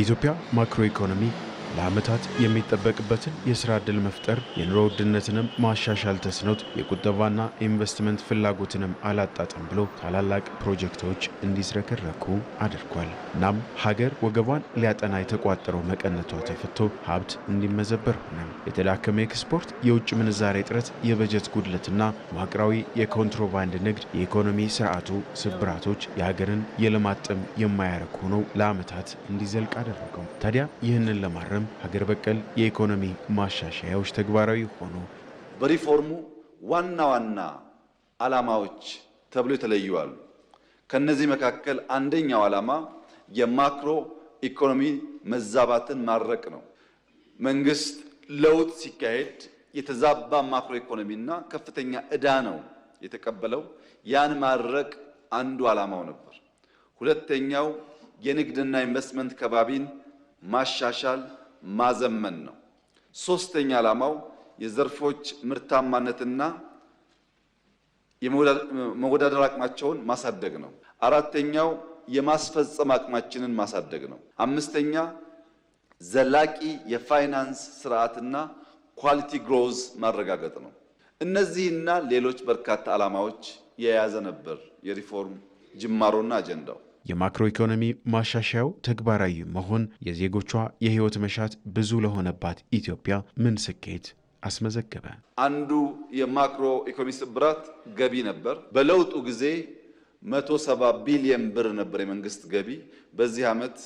Ethiopia macroeconomy ለዓመታት የሚጠበቅበትን የስራ ዕድል መፍጠር የኑሮ ውድነትንም ማሻሻል ተስኖት የቁጠባና ኢንቨስትመንት ፍላጎትንም አላጣጠም ብሎ ታላላቅ ፕሮጀክቶች እንዲዝረከረኩ አድርጓል። እናም ሀገር ወገቧን ሊያጠና የተቋጠረው መቀነቷ ተፈቶ ሀብት እንዲመዘበር ሆነ። የተዳከመ ኤክስፖርት፣ የውጭ ምንዛሬ እጥረት፣ የበጀት ጉድለትና መዋቅራዊ የኮንትሮባንድ ንግድ የኢኮኖሚ ስርዓቱ ስብራቶች የሀገርን የልማት ጥም የማያረግ ሆነው ለዓመታት እንዲዘልቅ አደረገው። ታዲያ ይህንን ለማረም በመጠቀም ሀገር በቀል የኢኮኖሚ ማሻሻያዎች ተግባራዊ ሆኑ። በሪፎርሙ ዋና ዋና ዓላማዎች ተብሎ የተለዩዋሉ። ከነዚህ መካከል አንደኛው ዓላማ የማክሮ ኢኮኖሚ መዛባትን ማድረቅ ነው። መንግስት ለውጥ ሲካሄድ የተዛባ ማክሮ ኢኮኖሚ ከፍተኛ እዳ ነው የተቀበለው። ያን ማድረቅ አንዱ ዓላማው ነበር። ሁለተኛው የንግድና ኢንቨስትመንት ከባቢን ማሻሻል ማዘመን ነው። ሶስተኛ ዓላማው የዘርፎች ምርታማነትና የመወዳደር አቅማቸውን ማሳደግ ነው። አራተኛው የማስፈጸም አቅማችንን ማሳደግ ነው። አምስተኛ ዘላቂ የፋይናንስ ስርዓትና ኳሊቲ ግሮዝ ማረጋገጥ ነው። እነዚህና ሌሎች በርካታ ዓላማዎች የያዘ ነበር የሪፎርም ጅማሮና አጀንዳው። የማክሮ ኢኮኖሚ ማሻሻያው ተግባራዊ መሆን የዜጎቿ የህይወት መሻት ብዙ ለሆነባት ኢትዮጵያ ምን ስኬት አስመዘገበ? አንዱ የማክሮ ኢኮኖሚ ስብራት ገቢ ነበር። በለውጡ ጊዜ 170 ቢሊየን ብር ነበር የመንግስት ገቢ። በዚህ ዓመት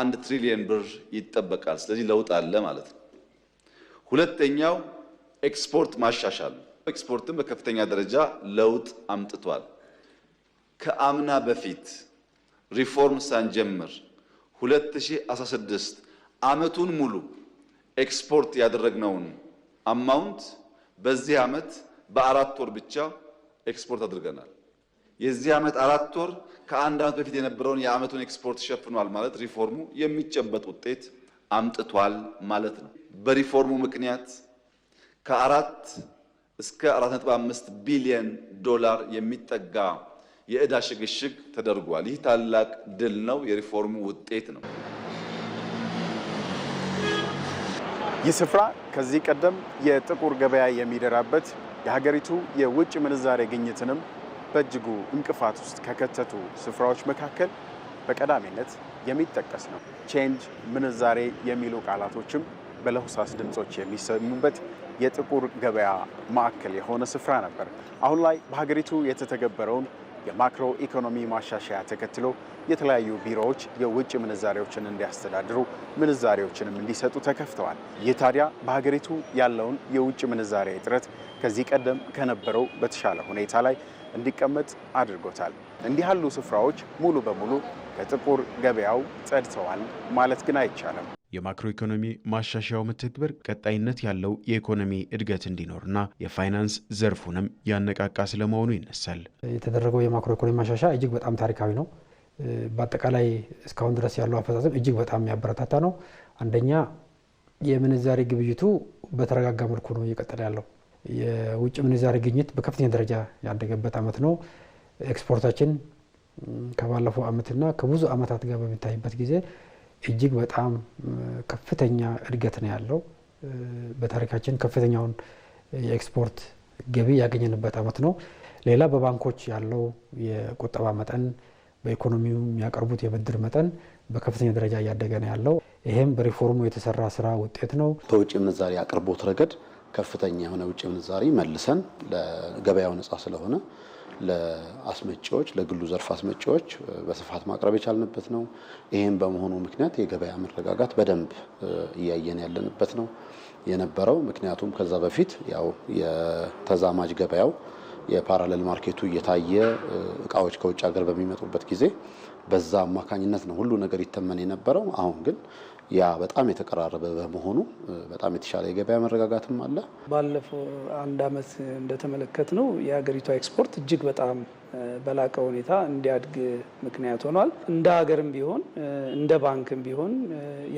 አንድ ትሪሊየን ብር ይጠበቃል። ስለዚህ ለውጥ አለ ማለት ነው። ሁለተኛው ኤክስፖርት ማሻሻል ኤክስፖርትም በከፍተኛ ደረጃ ለውጥ አምጥቷል ከአምና በፊት ሪፎርም ሳንጀምር 2016 አመቱን ሙሉ ኤክስፖርት ያደረግነውን አማውንት በዚህ አመት በአራት ወር ብቻ ኤክስፖርት አድርገናል። የዚህ ዓመት አራት ወር ከአንድ አመት በፊት የነበረውን የአመቱን ኤክስፖርት ሸፍኗል ማለት ሪፎርሙ የሚጨበጥ ውጤት አምጥቷል ማለት ነው። በሪፎርሙ ምክንያት ከአራት እስከ አራት ነጥብ አምስት ቢሊየን ዶላር የሚጠጋ የዕዳ ሽግሽግ ተደርጓል። ይህ ታላቅ ድል ነው፣ የሪፎርሙ ውጤት ነው። ይህ ስፍራ ከዚህ ቀደም የጥቁር ገበያ የሚደራበት የሀገሪቱ የውጭ ምንዛሬ ግኝትንም በእጅጉ እንቅፋት ውስጥ ከከተቱ ስፍራዎች መካከል በቀዳሚነት የሚጠቀስ ነው። ቼንጅ ምንዛሬ የሚሉ ቃላቶችም በለሆሳስ ድምጾች የሚሰሙበት የጥቁር ገበያ ማዕከል የሆነ ስፍራ ነበር። አሁን ላይ በሀገሪቱ የተተገበረውን የማክሮ ኢኮኖሚ ማሻሻያ ተከትሎ የተለያዩ ቢሮዎች የውጭ ምንዛሬዎችን እንዲያስተዳድሩ ምንዛሬዎችንም እንዲሰጡ ተከፍተዋል። ይህ ታዲያ በሀገሪቱ ያለውን የውጭ ምንዛሬ እጥረት ከዚህ ቀደም ከነበረው በተሻለ ሁኔታ ላይ እንዲቀመጥ አድርጎታል። እንዲህ ያሉ ስፍራዎች ሙሉ በሙሉ ከጥቁር ገበያው ጸድተዋል ማለት ግን አይቻልም። የማክሮ ኢኮኖሚ ማሻሻያው መተግበር ቀጣይነት ያለው የኢኮኖሚ እድገት እንዲኖርና የፋይናንስ ዘርፉንም ያነቃቃ ስለመሆኑ ይነሳል። የተደረገው የማክሮ ኢኮኖሚ ማሻሻያ እጅግ በጣም ታሪካዊ ነው። በአጠቃላይ እስካሁን ድረስ ያለው አፈጻጸም እጅግ በጣም የሚያበረታታ ነው። አንደኛ የምንዛሬ ግብይቱ በተረጋጋ መልኩ ነው እየቀጠለ ያለው። የውጭ ምንዛሬ ግኝት በከፍተኛ ደረጃ ያደገበት አመት ነው። ኤክስፖርታችን ከባለፈው አመትና ከብዙ አመታት ጋር በሚታይበት ጊዜ እጅግ በጣም ከፍተኛ እድገት ነው ያለው። በታሪካችን ከፍተኛውን የኤክስፖርት ገቢ ያገኘንበት አመት ነው። ሌላ በባንኮች ያለው የቁጠባ መጠን በኢኮኖሚው የሚያቀርቡት የብድር መጠን በከፍተኛ ደረጃ እያደገ ነው ያለው። ይህም በሪፎርሙ የተሰራ ስራ ውጤት ነው። በውጭ ምንዛሪ አቅርቦት ረገድ ከፍተኛ የሆነ ውጭ ምንዛሪ መልሰን ለገበያው ነጻ ስለሆነ ለአስመጪዎች ለግሉ ዘርፍ አስመጪዎች በስፋት ማቅረብ የቻልንበት ነው። ይህም በመሆኑ ምክንያት የገበያ መረጋጋት በደንብ እያየን ያለንበት ነው የነበረው። ምክንያቱም ከዛ በፊት ያው የተዛማጅ ገበያው የፓራሌል ማርኬቱ እየታየ እቃዎች ከውጭ ሀገር በሚመጡበት ጊዜ በዛ አማካኝነት ነው ሁሉ ነገር ይተመን የነበረው። አሁን ግን ያ በጣም የተቀራረበ በመሆኑ በጣም የተሻለ የገበያ መረጋጋትም አለ። ባለፈው አንድ ዓመት እንደተመለከት ነው የሀገሪቷ ኤክስፖርት እጅግ በጣም በላቀ ሁኔታ እንዲያድግ ምክንያት ሆኗል። እንደ ሀገርም ቢሆን እንደ ባንክም ቢሆን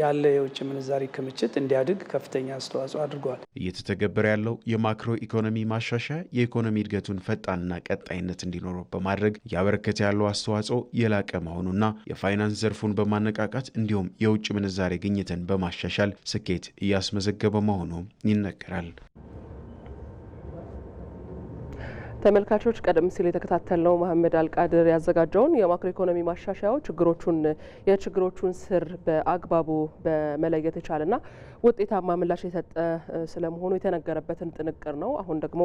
ያለ የውጭ ምንዛሪ ክምችት እንዲያድግ ከፍተኛ አስተዋጽኦ አድርጓል። እየተተገበረ ያለው የማክሮ ኢኮኖሚ ማሻሻያ የኢኮኖሚ እድገቱን ፈጣንና ቀጣይነት እንዲኖረው በማድረግ እያበረከተ ያለው አስተዋጽኦ የላቀ መሆኑና የፋይናንስ ዘርፉን በማነቃቃት እንዲሁም የውጭ ምንዛሬ ግኝትን በማሻሻል ስኬት እያስመዘገበ መሆኑ ይነገራል። ተመልካቾች ቀደም ሲል የተከታተልነው መሀመድ አልቃድር ያዘጋጀውን የማክሮ ኢኮኖሚ ማሻሻያው ችግሮቹን የችግሮቹን ስር በአግባቡ በመለየት የቻለና ውጤታማ ምላሽ የሰጠ ስለመሆኑ የተነገረበትን ጥንቅር ነው። አሁን ደግሞ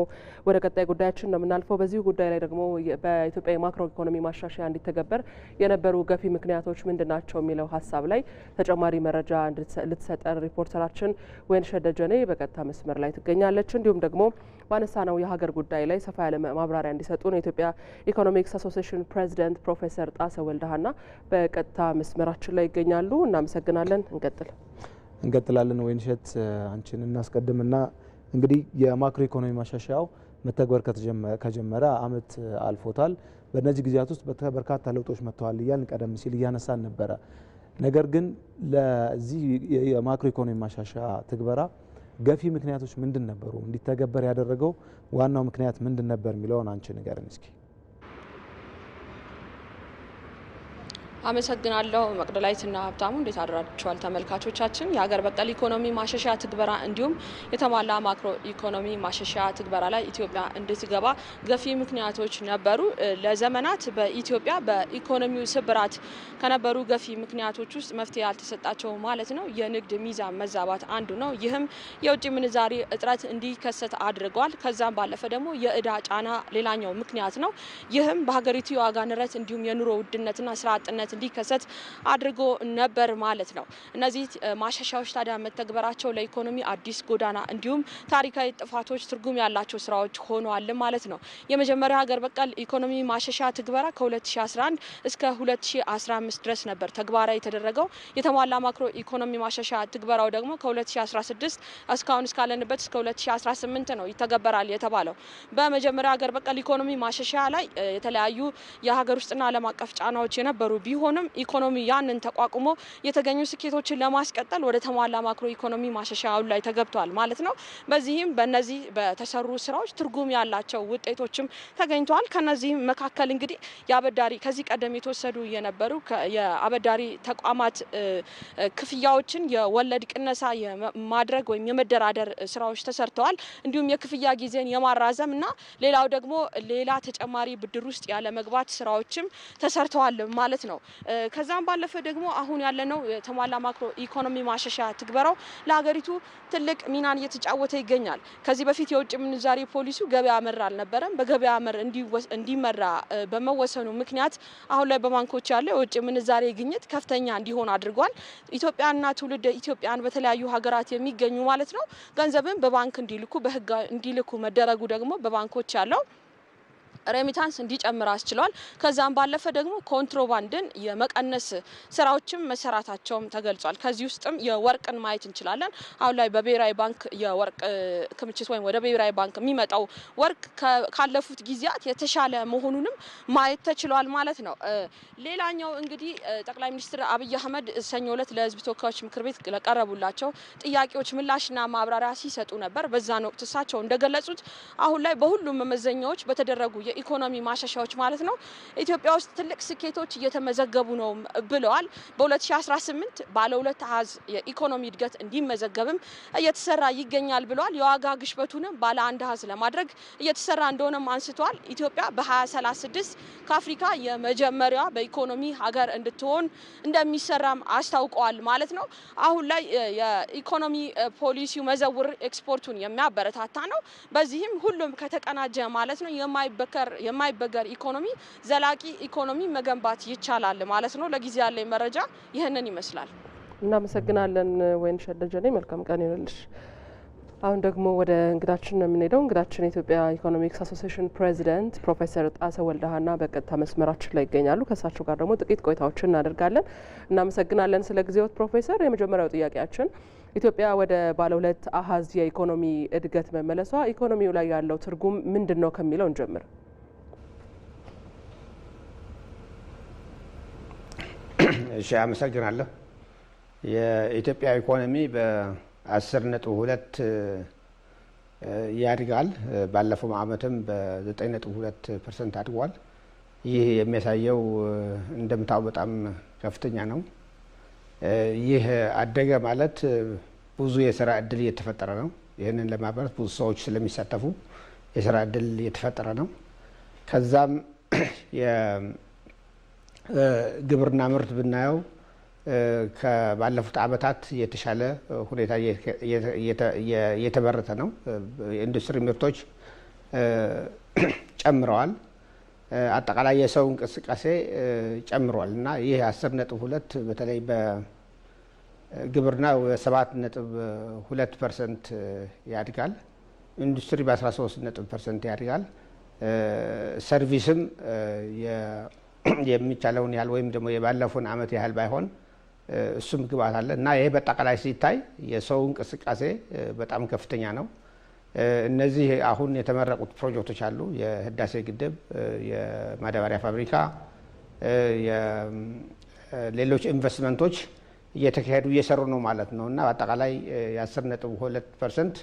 ወደ ቀጣይ ጉዳያችን ነው የምናልፈው። በዚሁ ጉዳይ ላይ ደግሞ በኢትዮጵያ የማክሮ ኢኮኖሚ ማሻሻያ እንዲተገበር የነበሩ ገፊ ምክንያቶች ምንድን ናቸው የሚለው ሀሳብ ላይ ተጨማሪ መረጃ ልትሰጠን ሪፖርተራችን ወይን ሸደጀኔ በቀጥታ መስመር ላይ ትገኛለች። እንዲሁም ደግሞ ነው የሀገር ጉዳይ ላይ ሰፋ ያለ ማብራሪያ እንዲሰጡን የኢትዮጵያ ኢኮኖሚክስ አሶሲሽን ፕሬዚደንት ፕሮፌሰር ጣሰ ወልደሃና በቀጥታ መስመራችን ላይ ይገኛሉ። እናመሰግናለን። እንቀጥል እንቀጥላለን። ወይንሸት አንቺን እናስቀድምና እንግዲህ የማክሮ ኢኮኖሚ ማሻሻያው መተግበር ከጀመረ አመት አልፎታል። በእነዚህ ጊዜያት ውስጥ በርካታ ለውጦች መጥተዋል እያልን ቀደም ሲል እያነሳን ነበረ። ነገር ግን ለዚህ የማክሮ ኢኮኖሚ ማሻሻያ ትግበራ ገፊ ምክንያቶች ምንድን ነበሩ? እንዲተገበር ያደረገው ዋናው ምክንያት ምንድን ነበር የሚለውን አንቺ ንገርን እስኪ። አመሰግናለሁ መቅደላዊትና ሀብታሙ። እንዴት አድራችኋል ተመልካቾቻችን? የሀገር በቀል ኢኮኖሚ ማሻሻያ ትግበራ እንዲሁም የተሟላ ማክሮ ኢኮኖሚ ማሻሻያ ትግበራ ላይ ኢትዮጵያ እንድትገባ ገፊ ምክንያቶች ነበሩ። ለዘመናት በኢትዮጵያ በኢኮኖሚው ስብራት ከነበሩ ገፊ ምክንያቶች ውስጥ መፍትሄ ያልተሰጣቸው ማለት ነው የንግድ ሚዛን መዛባት አንዱ ነው። ይህም የውጭ ምንዛሪ እጥረት እንዲከሰት አድርጓል። ከዛም ባለፈ ደግሞ የእዳ ጫና ሌላኛው ምክንያት ነው። ይህም በሀገሪቱ የዋጋ ንረት እንዲሁም የኑሮ ውድነትና ስራ አጥነት እንዲከሰት አድርጎ ነበር ማለት ነው። እነዚህ ማሻሻያዎች ታዲያ መተግበራቸው ለኢኮኖሚ አዲስ ጎዳና እንዲሁም ታሪካዊ ጥፋቶች ትርጉም ያላቸው ስራዎች ሆነዋል ማለት ነው። የመጀመሪያው ሀገር በቀል ኢኮኖሚ ማሻሻያ ትግበራ ከ2011 እስከ 2015 ድረስ ነበር ተግባራዊ የተደረገው። የተሟላ ማክሮ ኢኮኖሚ ማሻሻያ ትግበራው ደግሞ ከ2016 እስካሁን እስካለንበት እስከ 2018 ነው ይተገበራል የተባለው። በመጀመሪያው ሀገር በቀል ኢኮኖሚ ማሻሻያ ላይ የተለያዩ የሀገር ውስጥና ዓለም አቀፍ ጫናዎች የነበሩ ቢሆን ቢሆንም ኢኮኖሚ ያንን ተቋቁሞ የተገኙ ስኬቶችን ለማስቀጠል ወደ ተሟላ ማክሮ ኢኮኖሚ ማሻሻያው ላይ ተገብቷል ማለት ነው። በዚህም በእነዚህ በተሰሩ ስራዎች ትርጉም ያላቸው ውጤቶችም ተገኝተዋል። ከነዚህም መካከል እንግዲህ የአበዳሪ ከዚህ ቀደም የተወሰዱ የነበሩ የአበዳሪ ተቋማት ክፍያዎችን የወለድ ቅነሳ የማድረግ ወይም የመደራደር ስራዎች ተሰርተዋል። እንዲሁም የክፍያ ጊዜን የማራዘም እና ሌላው ደግሞ ሌላ ተጨማሪ ብድር ውስጥ ያለመግባት ስራዎችም ተሰርተዋል ማለት ነው። ከዛም ባለፈ ደግሞ አሁን ያለነው የተሟላ ማክሮ ኢኮኖሚ ማሻሻያ ትግበራው ለሀገሪቱ ትልቅ ሚናን እየተጫወተ ይገኛል። ከዚህ በፊት የውጭ ምንዛሬ ፖሊሲው ገበያ መር አልነበረም። በገበያ መር እንዲመራ በመወሰኑ ምክንያት አሁን ላይ በባንኮች ያለው የውጭ ምንዛሬ ግኝት ከፍተኛ እንዲሆን አድርጓል። ኢትዮጵያና ትውልድ ኢትዮጵያን በተለያዩ ሀገራት የሚገኙ ማለት ነው ገንዘብን በባንክ እንዲልኩ በህግ እንዲልኩ መደረጉ ደግሞ በባንኮች ያለው ሬሚታንስ እንዲጨምር አስችሏል። ከዛም ባለፈ ደግሞ ኮንትሮባንድን የመቀነስ ስራዎችም መሰራታቸውም ተገልጿል። ከዚህ ውስጥም የወርቅን ማየት እንችላለን። አሁን ላይ በብሔራዊ ባንክ የወርቅ ክምችት ወይም ወደ ብሔራዊ ባንክ የሚመጣው ወርቅ ካለፉት ጊዜያት የተሻለ መሆኑንም ማየት ተችሏል ማለት ነው። ሌላኛው እንግዲህ ጠቅላይ ሚኒስትር አብይ አህመድ ሰኞ ዕለት ለህዝብ ተወካዮች ምክር ቤት ለቀረቡላቸው ጥያቄዎች ምላሽና ማብራሪያ ሲሰጡ ነበር። በዛን ወቅት እሳቸው እንደገለጹት አሁን ላይ በሁሉም መመዘኛዎች በተደረጉ የኢኮኖሚ ማሻሻያዎች ማለት ነው ኢትዮጵያ ውስጥ ትልቅ ስኬቶች እየተመዘገቡ ነው ብለዋል። በ2018 ባለ ሁለት አሃዝ የኢኮኖሚ እድገት እንዲመዘገብም እየተሰራ ይገኛል ብለዋል። የዋጋ ግሽበቱንም ባለ አንድ አሃዝ ለማድረግ እየተሰራ እንደሆነም አንስተዋል። ኢትዮጵያ በ2036 ከአፍሪካ የመጀመሪያ በኢኮኖሚ ሀገር እንድትሆን እንደሚሰራም አስታውቀዋል ማለት ነው። አሁን ላይ የኢኮኖሚ ፖሊሲው መዘውር ኤክስፖርቱን የሚያበረታታ ነው። በዚህም ሁሉም ከተቀናጀ ማለት ነው የማይበከ የማይበገር ኢኮኖሚ፣ ዘላቂ ኢኮኖሚ መገንባት ይቻላል ማለት ነው። ለጊዜ ያለኝ መረጃ ይህንን ይመስላል። እናመሰግናለን ወይንሸት ደጀኔ፣ መልካም ቀን ይሁንልሽ። አሁን ደግሞ ወደ እንግዳችን ነው የምንሄደው። እንግዳችን የኢትዮጵያ ኢኮኖሚክስ አሶሲሽን ፕሬዚደንት ፕሮፌሰር ጣሰ ወልደሃና በቀጥታ መስመራችን ላይ ይገኛሉ። ከእሳቸው ጋር ደግሞ ጥቂት ቆይታዎችን እናደርጋለን። እናመሰግናለን ስለ ጊዜዎት ፕሮፌሰር። የመጀመሪያው ጥያቄያችን ኢትዮጵያ ወደ ባለ ሁለት አሀዝ የኢኮኖሚ እድገት መመለሷ ኢኮኖሚው ላይ ያለው ትርጉም ምንድን ነው ከሚለው እንጀምር። እሺ አመሰግናለሁ። የኢትዮጵያ ኢኮኖሚ በአስር ነጥብ ሁለት ያድጋል። ባለፈው አመትም በዘጠኝ ነጥብ ሁለት ፐርሰንት አድጓል። ይህ የሚያሳየው እንደምታው በጣም ከፍተኛ ነው። ይህ አደገ ማለት ብዙ የስራ እድል እየተፈጠረ ነው። ይህንን ለማበረት ብዙ ሰዎች ስለሚሳተፉ የስራ እድል እየተፈጠረ ነው። ከዛም ግብርና ምርት ብናየው ከባለፉት ዓመታት የተሻለ ሁኔታ እየተመረተ ነው። ኢንዱስትሪ ምርቶች ጨምረዋል። አጠቃላይ የሰው እንቅስቃሴ ጨምሯል እና ይህ አስር ነጥብ ሁለት በተለይ በግብርና በሰባት ነጥብ ሁለት ፐርሰንት ያድጋል። ኢንዱስትሪ በአስራ ሶስት ነጥብ ፐርሰንት ያድጋል። ሰርቪስም የሚቻለውን ያህል ወይም ደግሞ የባለፈውን አመት ያህል ባይሆን እሱም ግብአት አለ እና ይሄ በጠቃላይ ሲታይ የሰው እንቅስቃሴ በጣም ከፍተኛ ነው። እነዚህ አሁን የተመረቁት ፕሮጀክቶች አሉ። የህዳሴ ግድብ፣ የማዳበሪያ ፋብሪካ፣ ሌሎች ኢንቨስትመንቶች እየተካሄዱ እየሰሩ ነው ማለት ነው እና በአጠቃላይ የአስር ነጥብ ሁለት ፐርሰንት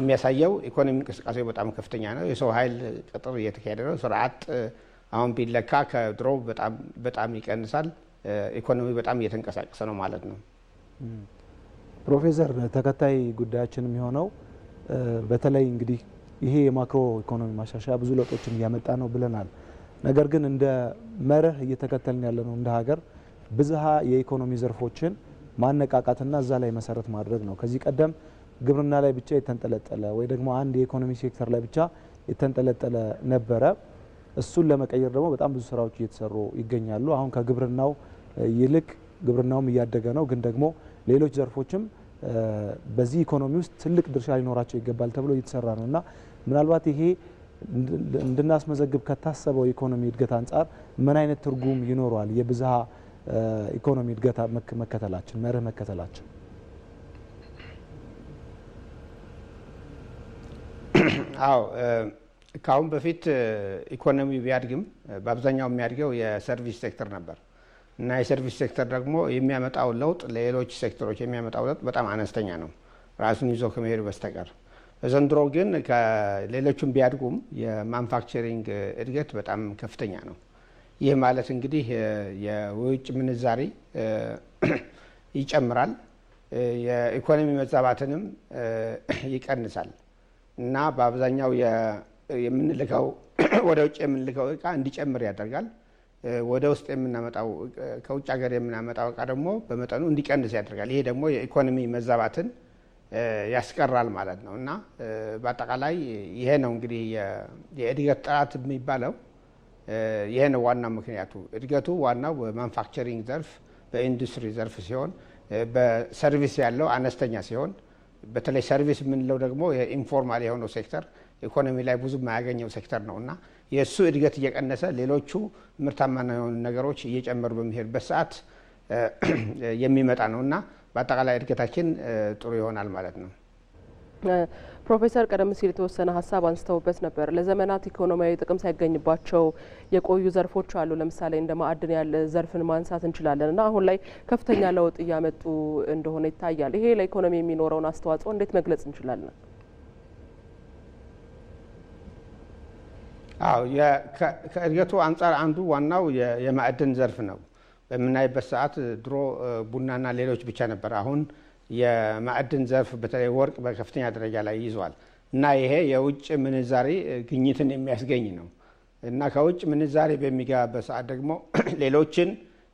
የሚያሳየው ኢኮኖሚ እንቅስቃሴ በጣም ከፍተኛ ነው። የሰው ኃይል ቅጥር እየተካሄደ ነው። ስርዓት አሁን ቢለካ ከድሮ በጣም ይቀንሳል። ኢኮኖሚ በጣም እየተንቀሳቀሰ ነው ማለት ነው። ፕሮፌሰር ተከታይ ጉዳያችን የሚሆነው በተለይ እንግዲህ ይሄ የማክሮ ኢኮኖሚ ማሻሻያ ብዙ ለውጦችን እያመጣ ነው ብለናል። ነገር ግን እንደ መርህ እየተከተልን ያለ ነው እንደ ሀገር ብዝሃ የኢኮኖሚ ዘርፎችን ማነቃቃትና እዛ ላይ መሰረት ማድረግ ነው። ከዚህ ቀደም ግብርና ላይ ብቻ የተንጠለጠለ ወይ ደግሞ አንድ የኢኮኖሚ ሴክተር ላይ ብቻ የተንጠለጠለ ነበረ። እሱን ለመቀየር ደግሞ በጣም ብዙ ስራዎች እየተሰሩ ይገኛሉ። አሁን ከግብርናው ይልቅ ግብርናውም እያደገ ነው፣ ግን ደግሞ ሌሎች ዘርፎችም በዚህ ኢኮኖሚ ውስጥ ትልቅ ድርሻ ሊኖራቸው ይገባል ተብሎ እየተሰራ ነው እና ምናልባት ይሄ እንድናስመዘግብ ከታሰበው የኢኮኖሚ እድገት አንጻር ምን አይነት ትርጉም ይኖረዋል? የብዝሃ ኢኮኖሚ እድገት መከተላችን መርህ መከተላችን አዎ ከአሁን በፊት ኢኮኖሚ ቢያድግም በአብዛኛው የሚያድገው የሰርቪስ ሴክተር ነበር እና የሰርቪስ ሴክተር ደግሞ የሚያመጣው ለውጥ ለሌሎች ሴክተሮች የሚያመጣው ለውጥ በጣም አነስተኛ ነው ራሱን ይዞ ከመሄዱ በስተቀር። ዘንድሮ ግን ከሌሎቹም ቢያድጉም የማኑፋክቸሪንግ እድገት በጣም ከፍተኛ ነው። ይህ ማለት እንግዲህ የውጭ ምንዛሪ ይጨምራል፣ የኢኮኖሚ መዛባትንም ይቀንሳል እና በአብዛኛው የምንልከው ወደ ውጭ የምንልከው እቃ እንዲጨምር ያደርጋል። ወደ ውስጥ የምናመጣው ከውጭ ሀገር የምናመጣው እቃ ደግሞ በመጠኑ እንዲቀንስ ያደርጋል። ይሄ ደግሞ የኢኮኖሚ መዛባትን ያስቀራል ማለት ነው እና በአጠቃላይ ይሄ ነው እንግዲህ የእድገት ጥራት የሚባለው ይሄ ነው ዋናው ምክንያቱ። እድገቱ ዋናው በማንፋክቸሪንግ ዘርፍ በኢንዱስትሪ ዘርፍ ሲሆን፣ በሰርቪስ ያለው አነስተኛ ሲሆን በተለይ ሰርቪስ የምንለው ደግሞ ኢንፎርማል የሆነው ሴክተር ኢኮኖሚ ላይ ብዙ የማያገኘው ሴክተር ነው እና የእሱ እድገት እየቀነሰ ሌሎቹ ምርታማ የሆኑ ነገሮች እየጨመሩ በሚሄድበት ሰዓት የሚመጣ ነው እና በአጠቃላይ እድገታችን ጥሩ ይሆናል ማለት ነው። ፕሮፌሰር ቀደም ሲል የተወሰነ ሀሳብ አንስተውበት ነበር። ለዘመናት ኢኮኖሚያዊ ጥቅም ሳይገኝባቸው የቆዩ ዘርፎች አሉ። ለምሳሌ እንደ ማዕድን ያለ ዘርፍን ማንሳት እንችላለን እና አሁን ላይ ከፍተኛ ለውጥ እያመጡ እንደሆነ ይታያል። ይሄ ለኢኮኖሚ የሚኖረውን አስተዋጽኦ እንዴት መግለጽ እንችላለን? አዎ ከእድገቱ አንጻር አንዱ ዋናው የማዕድን ዘርፍ ነው። በምናይበት ሰዓት ድሮ ቡናና ሌሎች ብቻ ነበር አሁን የማዕድን ዘርፍ በተለይ ወርቅ በከፍተኛ ደረጃ ላይ ይዟል እና ይሄ የውጭ ምንዛሪ ግኝትን የሚያስገኝ ነው እና ከውጭ ምንዛሪ በሚገባበት ሰዓት ደግሞ ሌሎችን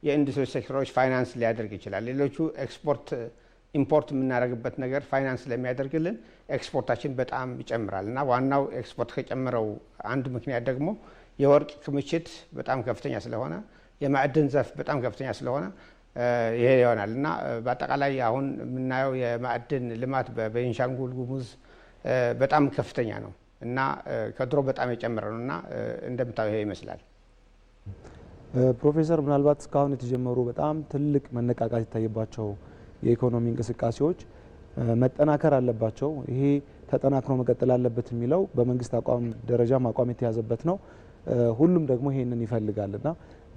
የኢንዱስትሪ ሴክተሮች ፋይናንስ ሊያደርግ ይችላል። ሌሎቹ ኤክስፖርት ኢምፖርት የምናደርግበት ነገር ፋይናንስ ስለሚያደርግልን ኤክስፖርታችን በጣም ይጨምራል እና ዋናው ኤክስፖርት ከጨመረው አንድ ምክንያት ደግሞ የወርቅ ክምችት በጣም ከፍተኛ ስለሆነ የማዕድን ዘርፍ በጣም ከፍተኛ ስለሆነ ይሄ ይሆናል እና በአጠቃላይ አሁን የምናየው የማዕድን ልማት በቤንሻንጉል ጉሙዝ በጣም ከፍተኛ ነው እና ከድሮ በጣም የጨመረ ነው እና እንደምታየው ይሄ ይመስላል። ፕሮፌሰር ምናልባት እስካሁን የተጀመሩ በጣም ትልቅ መነቃቃት ይታይባቸው የኢኮኖሚ እንቅስቃሴዎች መጠናከር አለባቸው፣ ይሄ ተጠናክሮ መቀጠል አለበት የሚለው በመንግስት አቋም ደረጃም አቋም የተያዘበት ነው። ሁሉም ደግሞ ይሄንን ይፈልጋልና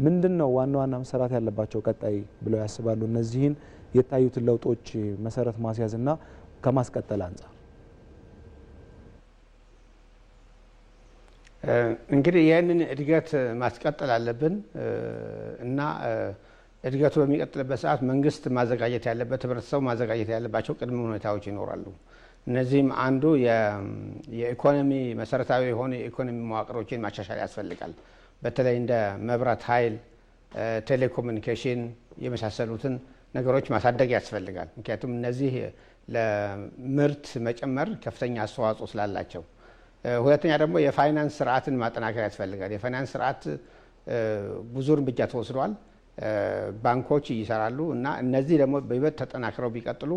ምንድን ነው ዋና ዋና መሰራት ያለባቸው ቀጣይ ብለው ያስባሉ? እነዚህን የታዩትን ለውጦች መሰረት ማስያዝና ከማስቀጠል አንጻር እንግዲህ ይህንን እድገት ማስቀጠል አለብን እና እድገቱ በሚቀጥልበት ሰዓት መንግስት ማዘጋጀት ያለበት ህብረተሰቡ ማዘጋጀት ያለባቸው ቅድመ ሁኔታዎች ይኖራሉ። እነዚህም አንዱ የኢኮኖሚ መሰረታዊ የሆኑ የኢኮኖሚ መዋቅሮችን ማሻሻል ያስፈልጋል። በተለይ እንደ መብራት ኃይል፣ ቴሌኮሙኒኬሽን የመሳሰሉትን ነገሮች ማሳደግ ያስፈልጋል። ምክንያቱም እነዚህ ለምርት መጨመር ከፍተኛ አስተዋጽኦ ስላላቸው፣ ሁለተኛ ደግሞ የፋይናንስ ስርዓትን ማጠናከር ያስፈልጋል። የፋይናንስ ስርዓት ብዙ እርምጃ ተወስዷል። ባንኮች ይሰራሉ እና እነዚህ ደግሞ በይበት ተጠናክረው ቢቀጥሉ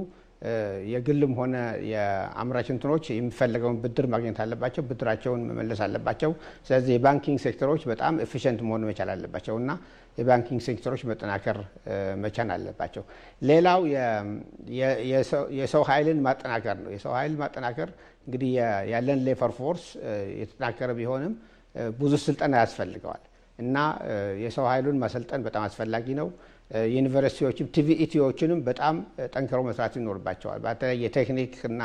የግልም ሆነ የአምራች እንትኖች የሚፈለገውን ብድር ማግኘት አለባቸው፣ ብድራቸውን መመለስ አለባቸው። ስለዚህ የባንኪንግ ሴክተሮች በጣም ኤፊሽንት መሆን መቻል አለባቸው እና የባንኪንግ ሴክተሮች መጠናከር መቻል አለባቸው። ሌላው የሰው ኃይልን ማጠናከር ነው። የሰው ኃይል ማጠናከር እንግዲህ ያለን ሌፈር ፎርስ የተጠናከረ ቢሆንም ብዙ ስልጠና ያስፈልገዋል እና የሰው ኃይሉን ማሰልጠን በጣም አስፈላጊ ነው። ዩኒቨርሲቲዎችም ቲቪ በጣም ጠንክሮ መስራት ይኖርባቸዋል። በተለይ እና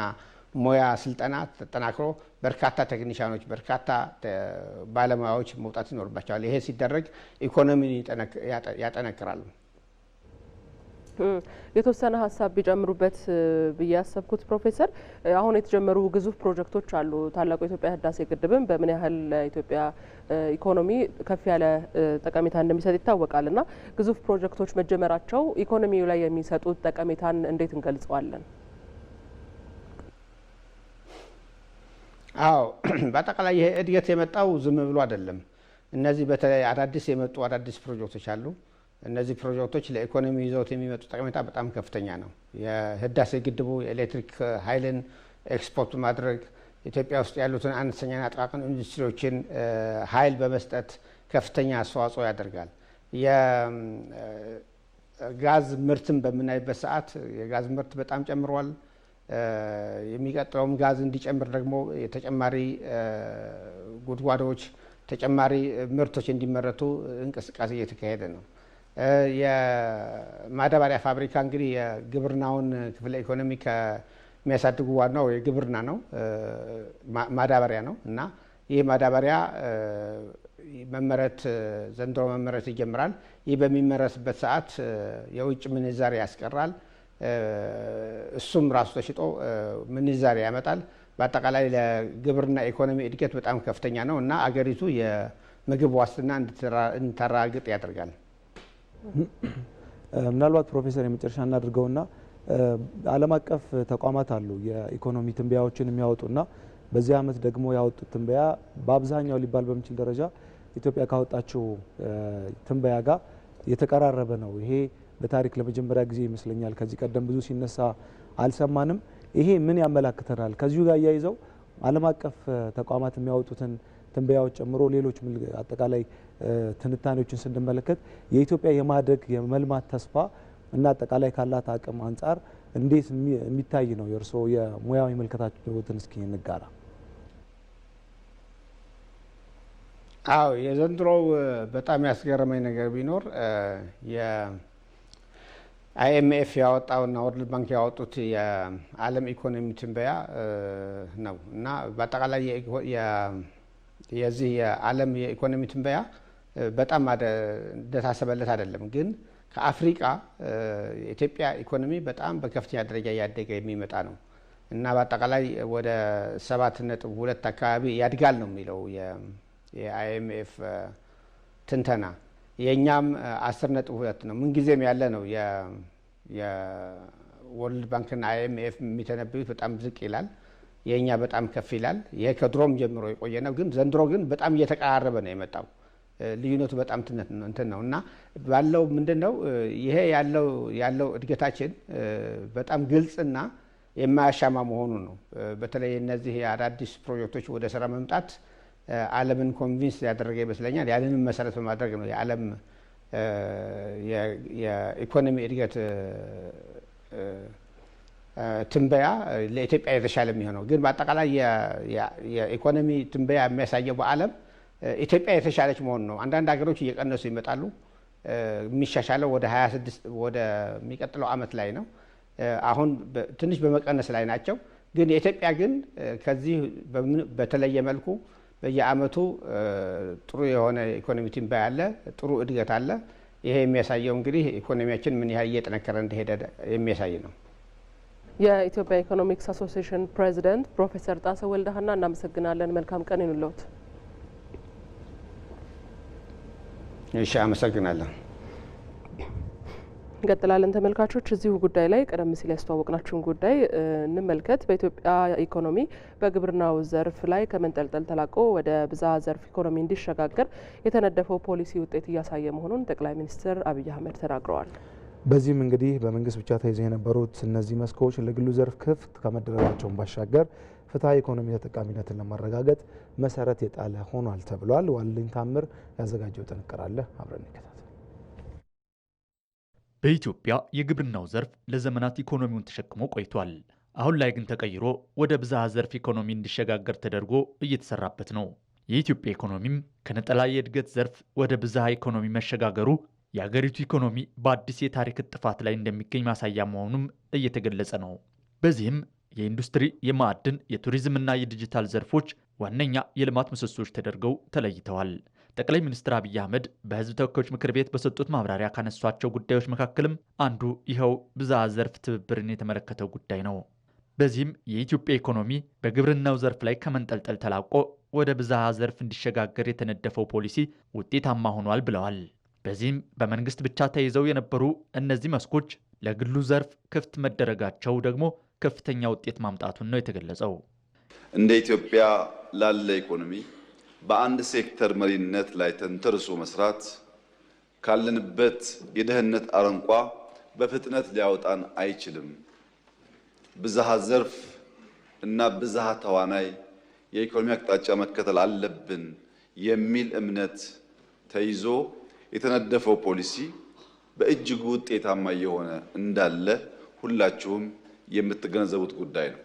ሙያ ስልጠና ተጠናክሮ በርካታ ቴክኒሽያኖች፣ በርካታ ባለሙያዎች መውጣት ይኖርባቸዋል። ይሄ ሲደረግ ኢኮኖሚን ያጠነክራል። የተወሰነ ሀሳብ ቢጨምሩበት ብዬ ያሰብኩት ፕሮፌሰር አሁን የተጀመሩ ግዙፍ ፕሮጀክቶች አሉ። ታላቁ የኢትዮጵያ ህዳሴ ግድብም በምን ያህል ኢትዮጵያ ኢኮኖሚ ከፍ ያለ ጠቀሜታ እንደሚሰጥ ይታወቃል እና ግዙፍ ፕሮጀክቶች መጀመራቸው ኢኮኖሚው ላይ የሚሰጡት ጠቀሜታን እንዴት እንገልጸዋለን? አዎ በአጠቃላይ ይሄ እድገት የመጣው ዝም ብሎ አይደለም። እነዚህ በተለይ አዳዲስ የመጡ አዳዲስ ፕሮጀክቶች አሉ እነዚህ ፕሮጀክቶች ለኢኮኖሚ ይዘውት የሚመጡ ጠቀሜታ በጣም ከፍተኛ ነው። የህዳሴ ግድቡ የኤሌክትሪክ ኃይልን ኤክስፖርት ማድረግ ኢትዮጵያ ውስጥ ያሉትን አነስተኛና ጥቃቅን ኢንዱስትሪዎችን ኃይል በመስጠት ከፍተኛ አስተዋጽኦ ያደርጋል። የጋዝ ምርትን በምናይበት ሰዓት የጋዝ ምርት በጣም ጨምሯል። የሚቀጥለውም ጋዝ እንዲጨምር ደግሞ የተጨማሪ ጉድጓዶች፣ ተጨማሪ ምርቶች እንዲመረቱ እንቅስቃሴ እየተካሄደ ነው። የማዳበሪያ ፋብሪካ እንግዲህ የግብርናውን ክፍለ ኢኮኖሚ ከሚያሳድጉ ዋናው የግብርና ነው፣ ማዳበሪያ ነው እና ይህ ማዳበሪያ መመረት ዘንድሮ መመረት ይጀምራል። ይህ በሚመረትበት ሰዓት የውጭ ምንዛሪ ያስቀራል። እሱም ራሱ ተሽጦ ምንዛሪ ያመጣል። በአጠቃላይ ለግብርና ኢኮኖሚ እድገት በጣም ከፍተኛ ነው እና አገሪቱ የምግብ ዋስትና እንድታረጋግጥ ያደርጋል። ምናልባት ፕሮፌሰር የመጨረሻ እናድርገውና ዓለም አቀፍ ተቋማት አሉ የኢኮኖሚ ትንበያዎችን የሚያወጡና በዚህ ዓመት ደግሞ ያወጡት ትንበያ በአብዛኛው ሊባል በሚችል ደረጃ ኢትዮጵያ ካወጣችው ትንበያ ጋር የተቀራረበ ነው። ይሄ በታሪክ ለመጀመሪያ ጊዜ ይመስለኛል። ከዚህ ቀደም ብዙ ሲነሳ አልሰማንም። ይሄ ምን ያመላክተናል? ከዚሁ ጋር እያይዘው ዓለም አቀፍ ተቋማት የሚያወጡትን ትንበያዎች ጨምሮ ሌሎች አጠቃላይ ትንታኔዎችን ስንመለከት የኢትዮጵያ የማደግ የመልማት ተስፋ እና አጠቃላይ ካላት አቅም አንጻር እንዴት የሚታይ ነው? የእርስዎ የሙያዊ ምልከታችሁትን እስኪ እንጋራ። አዎ የዘንድሮው በጣም ያስገረመኝ ነገር ቢኖር የአይኤምኤፍ ያወጣውና ወርልድ ባንክ ያወጡት የዓለም ኢኮኖሚ ትንበያ ነው እና በአጠቃላይ የዚህ የዓለም የኢኮኖሚ ትንበያ በጣም እንደታሰበለት አይደለም። ግን ከአፍሪቃ የኢትዮጵያ ኢኮኖሚ በጣም በከፍተኛ ደረጃ እያደገ የሚመጣ ነው እና በአጠቃላይ ወደ ሰባት ነጥብ ሁለት አካባቢ ያድጋል ነው የሚለው የአይኤምኤፍ ትንተና። የእኛም አስር ነጥብ ሁለት ነው። ምንጊዜም ያለ ነው። የወርልድ ባንክና አይኤምኤፍ የሚተነብዩት በጣም ዝቅ ይላል። የእኛ በጣም ከፍ ይላል። ይሄ ከድሮም ጀምሮ የቆየ ነው። ግን ዘንድሮ ግን በጣም እየተቀራረበ ነው የመጣው። ልዩነቱ በጣም እንትን ነው እና ባለው ምንድን ነው ይሄ ያለው ያለው እድገታችን በጣም ግልጽና የማያሻማ መሆኑን ነው። በተለይ እነዚህ የአዳዲስ ፕሮጀክቶች ወደ ስራ መምጣት ዓለምን ኮንቪንስ ያደረገ ይመስለኛል። ያንንም መሰረት በማድረግ ነው የዓለም የኢኮኖሚ እድገት ትንበያ ለኢትዮጵያ የተሻለ የሚሆነው። ግን በአጠቃላይ የኢኮኖሚ ትንበያ የሚያሳየው በዓለም ኢትዮጵያ የተሻለች መሆን ነው። አንዳንድ ሀገሮች እየቀነሱ ይመጣሉ። የሚሻሻለው ወደ 26 ወደሚቀጥለው አመት ላይ ነው። አሁን ትንሽ በመቀነስ ላይ ናቸው። ግን የኢትዮጵያ ግን ከዚህ በተለየ መልኩ በየአመቱ ጥሩ የሆነ ኢኮኖሚ ትንበያ ያለ ጥሩ እድገት አለ። ይሄ የሚያሳየው እንግዲህ ኢኮኖሚያችን ምን ያህል እየጠነከረ እንደሄደ የሚያሳይ ነው። የኢትዮጵያ ኢኮኖሚክስ አሶሲሽን ፕሬዚደንት ፕሮፌሰር ጣሰው ወልደሃና እናመሰግናለን። መልካም ቀን ይኑለውት። እሺ አመሰግናለሁ። እንቀጥላለን ተመልካቾች። እዚሁ ጉዳይ ላይ ቀደም ሲል ያስተዋወቅናችሁን ጉዳይ እንመልከት። በኢትዮጵያ ኢኮኖሚ በግብርናው ዘርፍ ላይ ከመንጠልጠል ተላቆ ወደ ብዝሃ ዘርፍ ኢኮኖሚ እንዲሸጋገር የተነደፈው ፖሊሲ ውጤት እያሳየ መሆኑን ጠቅላይ ሚኒስትር አብይ አህመድ ተናግረዋል። በዚህም እንግዲህ በመንግስት ብቻ ተይዘው የነበሩት እነዚህ መስኮች ለግሉ ዘርፍ ክፍት ከመደረጋቸውን ባሻገር ፍትሐዊ ኢኮኖሚ ተጠቃሚነትን ለማረጋገጥ መሰረት የጣለ ሆኗል ተብሏል። ዋልኝ ታምር ያዘጋጀው ጥንቅር አለ፣ አብረን እንከታተል። በኢትዮጵያ የግብርናው ዘርፍ ለዘመናት ኢኮኖሚውን ተሸክሞ ቆይቷል። አሁን ላይ ግን ተቀይሮ ወደ ብዝሃ ዘርፍ ኢኮኖሚ እንዲሸጋገር ተደርጎ እየተሰራበት ነው። የኢትዮጵያ ኢኮኖሚም ከነጠላ የእድገት ዘርፍ ወደ ብዝሃ ኢኮኖሚ መሸጋገሩ የአገሪቱ ኢኮኖሚ በአዲስ የታሪክ ጥፋት ላይ እንደሚገኝ ማሳያ መሆኑም እየተገለጸ ነው። በዚህም የኢንዱስትሪ፣ የማዕድን፣ የቱሪዝምና የዲጂታል ዘርፎች ዋነኛ የልማት ምሰሶች ተደርገው ተለይተዋል። ጠቅላይ ሚኒስትር አብይ አህመድ በህዝብ ተወካዮች ምክር ቤት በሰጡት ማብራሪያ ካነሷቸው ጉዳዮች መካከልም አንዱ ይኸው ብዝሃ ዘርፍ ትብብርን የተመለከተው ጉዳይ ነው። በዚህም የኢትዮጵያ ኢኮኖሚ በግብርናው ዘርፍ ላይ ከመንጠልጠል ተላቆ ወደ ብዝሃ ዘርፍ እንዲሸጋገር የተነደፈው ፖሊሲ ውጤታማ ሆኗል ብለዋል። በዚህም በመንግስት ብቻ ተይዘው የነበሩ እነዚህ መስኮች ለግሉ ዘርፍ ክፍት መደረጋቸው ደግሞ ከፍተኛ ውጤት ማምጣቱን ነው የተገለጸው። እንደ ኢትዮጵያ ላለ ኢኮኖሚ በአንድ ሴክተር መሪነት ላይ ተንተርሶ መስራት ካለንበት የደህንነት አረንቋ በፍጥነት ሊያወጣን አይችልም። ብዝሃ ዘርፍ እና ብዝሃ ተዋናይ የኢኮኖሚ አቅጣጫ መከተል አለብን የሚል እምነት ተይዞ የተነደፈው ፖሊሲ በእጅጉ ውጤታማ እየሆነ እንዳለ ሁላችሁም የምትገነዘቡት ጉዳይ ነው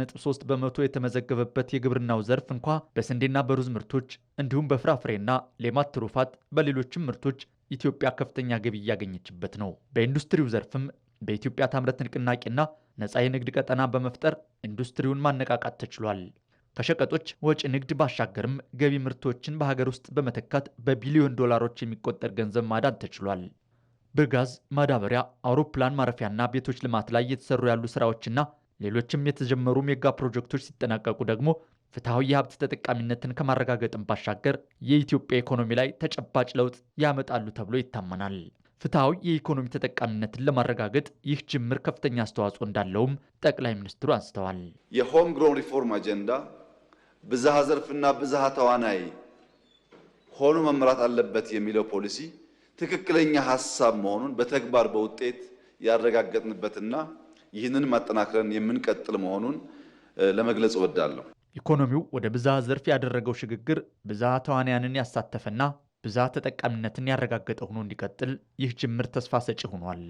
ነጥብ ሶስት በመቶ የተመዘገበበት የግብርናው ዘርፍ እንኳ በስንዴና በሩዝ ምርቶች እንዲሁም በፍራፍሬና ሌማት ትሩፋት፣ በሌሎችም ምርቶች ኢትዮጵያ ከፍተኛ ገቢ እያገኘችበት ነው። በኢንዱስትሪው ዘርፍም በኢትዮጵያ ታምረት ንቅናቄና ነፃ የንግድ ቀጠና በመፍጠር ኢንዱስትሪውን ማነቃቃት ተችሏል። ከሸቀጦች ወጪ ንግድ ባሻገርም ገቢ ምርቶችን በሀገር ውስጥ በመተካት በቢሊዮን ዶላሮች የሚቆጠር ገንዘብ ማዳን ተችሏል። በጋዝ ማዳበሪያ፣ አውሮፕላን ማረፊያና ቤቶች ልማት ላይ እየተሰሩ ያሉ ስራዎችና ሌሎችም የተጀመሩ ሜጋ ፕሮጀክቶች ሲጠናቀቁ ደግሞ ፍትሐዊ የሀብት ተጠቃሚነትን ከማረጋገጥን ባሻገር የኢትዮጵያ ኢኮኖሚ ላይ ተጨባጭ ለውጥ ያመጣሉ ተብሎ ይታመናል። ፍትሐዊ የኢኮኖሚ ተጠቃሚነትን ለማረጋገጥ ይህ ጅምር ከፍተኛ አስተዋጽኦ እንዳለውም ጠቅላይ ሚኒስትሩ አንስተዋል። የሆም ግሮን ሪፎርም አጀንዳ ብዝሃ ዘርፍና ብዝሃ ተዋናይ ሆኖ መምራት አለበት የሚለው ፖሊሲ ትክክለኛ ሀሳብ መሆኑን በተግባር በውጤት ያረጋገጥንበትና ይህንን ማጠናክረን የምንቀጥል መሆኑን ለመግለጽ እወዳለሁ። ኢኮኖሚው ወደ ብዝሃ ዘርፍ ያደረገው ሽግግር ብዝሃ ተዋንያንን ያሳተፈና ብዝሃ ተጠቃሚነትን ያረጋገጠ ሆኖ እንዲቀጥል ይህ ጅምር ተስፋ ሰጪ ሆኗል።